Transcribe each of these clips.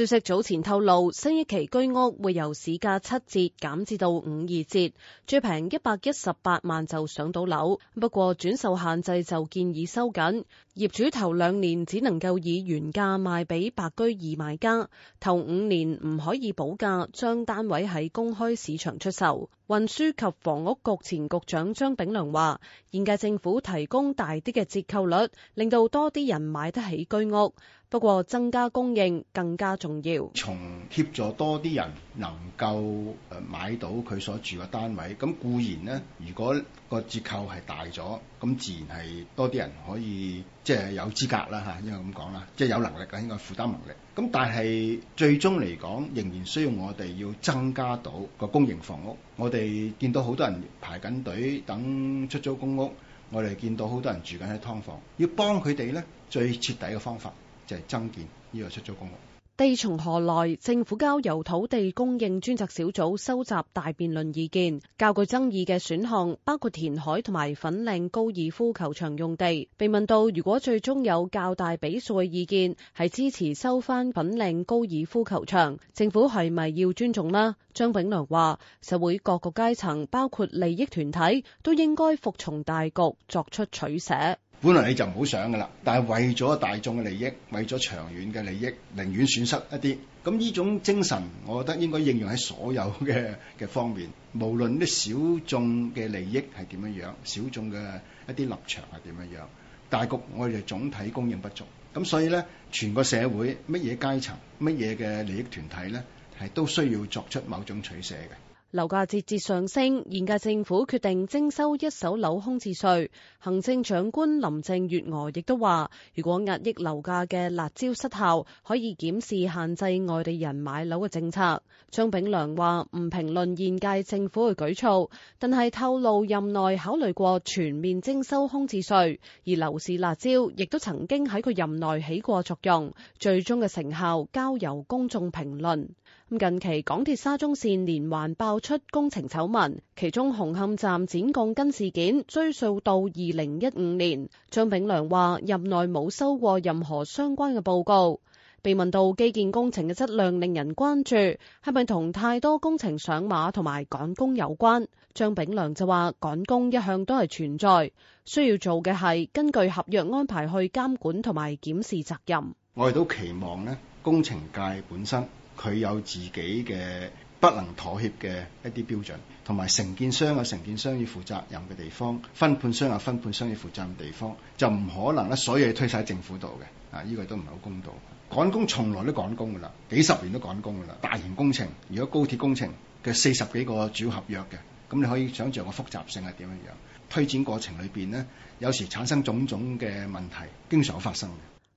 消息早前透露，新一期居屋會由市價七折減至到五二折，最平一百一十八萬就上到樓。不過轉售限制就建議收緊，業主頭兩年只能夠以原價賣俾白居二買家，頭五年唔可以補價，將單位喺公開市場出售。運輸及房屋局前局長張炳良話，現屆政府提供大啲嘅折扣率，令到多啲人買得起居屋。不過增加供應更加重要，從協助多啲人。能夠誒買到佢所住嘅單位，咁固然呢，如果個折扣係大咗，咁自然係多啲人可以即係有資格啦吓，應該咁講啦，即係有能力啊，應該負擔能力。咁但係最終嚟講，仍然需要我哋要增加到個公營房屋。我哋見到好多人排緊隊等出租公屋，我哋見到好多人住緊喺劏房，要幫佢哋呢，最徹底嘅方法就係增建呢個出租公屋。地從何來？政府交由土地供應專責小組收集大辯論意見，較具爭議嘅選項包括填海同埋粉嶺高爾夫球場用地。被問到如果最終有較大比數嘅意見係支持收翻粉嶺高爾夫球場，政府係咪要尊重呢？張炳良話：社會各個階層包括利益團體都應該服從大局，作出取捨。本來你就唔好想㗎喇，但係為咗大眾嘅利益，為咗長遠嘅利益，寧願損失一啲。咁呢種精神，我覺得應該應用喺所有嘅嘅方面，無論啲小眾嘅利益係點樣樣，小眾嘅一啲立場係點樣樣，大局我哋嘅總體供應不足。咁所以呢，全個社會乜嘢階層，乜嘢嘅利益團體呢，係都需要作出某種取捨嘅。樓價節節上升，現屆政府決定徵收一手樓空置稅。行政長官林鄭月娥亦都話，如果壓抑樓價嘅辣招失效，可以檢視限制外地人買樓嘅政策。張炳良話唔評論現屆政府嘅舉措，但係透露任內考慮過全面徵收空置稅，而樓市辣招亦都曾經喺佢任內起過作用，最終嘅成效交由公眾評論。近期港鐵沙中線連環爆出工程醜聞，其中紅磡站剪鋼筋事件追溯到二零一五年。張炳良話任內冇收過任何相關嘅報告。被問到基建工程嘅質量令人關注，係咪同太多工程上馬同埋趕工有關？張炳良就話趕工一向都係存在，需要做嘅係根據合約安排去監管同埋檢視責任。我哋都期望咧，工程界本身，佢有自己嘅不能妥協嘅一啲標準，同埋承建商啊，承建商要負責任嘅地方，分判商啊，分判商要負責任地方，就唔可能咧，所有嘢推晒政府度嘅，啊，呢個都唔係好公道。趕工從來都趕工㗎啦，幾十年都趕工㗎啦。大型工程，如果高鐵工程嘅四十幾個主要合約嘅，咁你可以想像個複雜性係點樣樣？推展過程裏邊呢，有時產生種種嘅問題，經常有發生。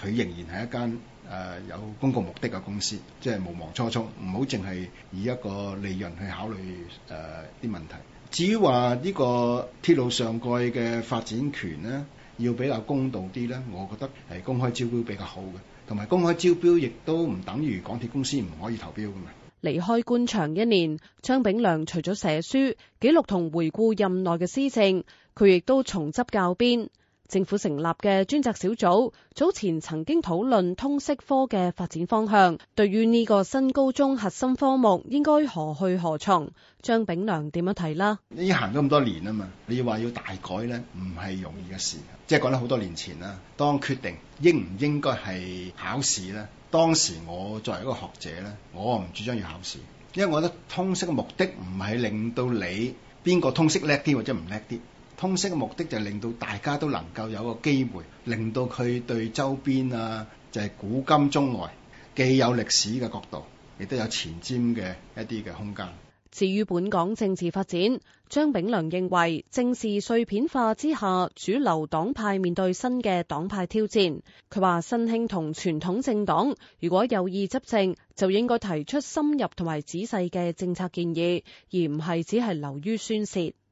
佢仍然係一間誒、呃、有公共目的嘅公司，即係無望初衷，唔好淨係以一個利潤去考慮誒啲、呃、問題。至於話呢個鐵路上蓋嘅發展權咧，要比較公道啲咧，我覺得係公開招標比較好嘅，同埋公開招標亦都唔等於港鐵公司唔可以投標噶嘛。離開官場一年，張炳良除咗寫書記錄同回顧任內嘅施政，佢亦都重執教鞭。政府成立嘅專責小組早前曾經討論通識科嘅發展方向，對於呢個新高中核心科目應該何去何從？張炳良點樣睇啦？已經行咗咁多年啊嘛，你要話要大改咧，唔係容易嘅事。即係講得好多年前啦，當決定應唔應該係考試咧，當時我作為一個學者咧，我唔主張要考試，因為我覺得通識嘅目的唔係令到你邊個通識叻啲或者唔叻啲。通識嘅目的就令到大家都能夠有個機會，令到佢對周邊啊，就係古今中外，既有歷史嘅角度，亦都有前瞻嘅一啲嘅空間。至於本港政治發展，張炳良認為，政治碎片化之下，主流黨派面對新嘅黨派挑戰。佢話：新興同傳統政黨如果有意執政，就應該提出深入同埋仔細嘅政策建議，而唔係只係流於宣洩。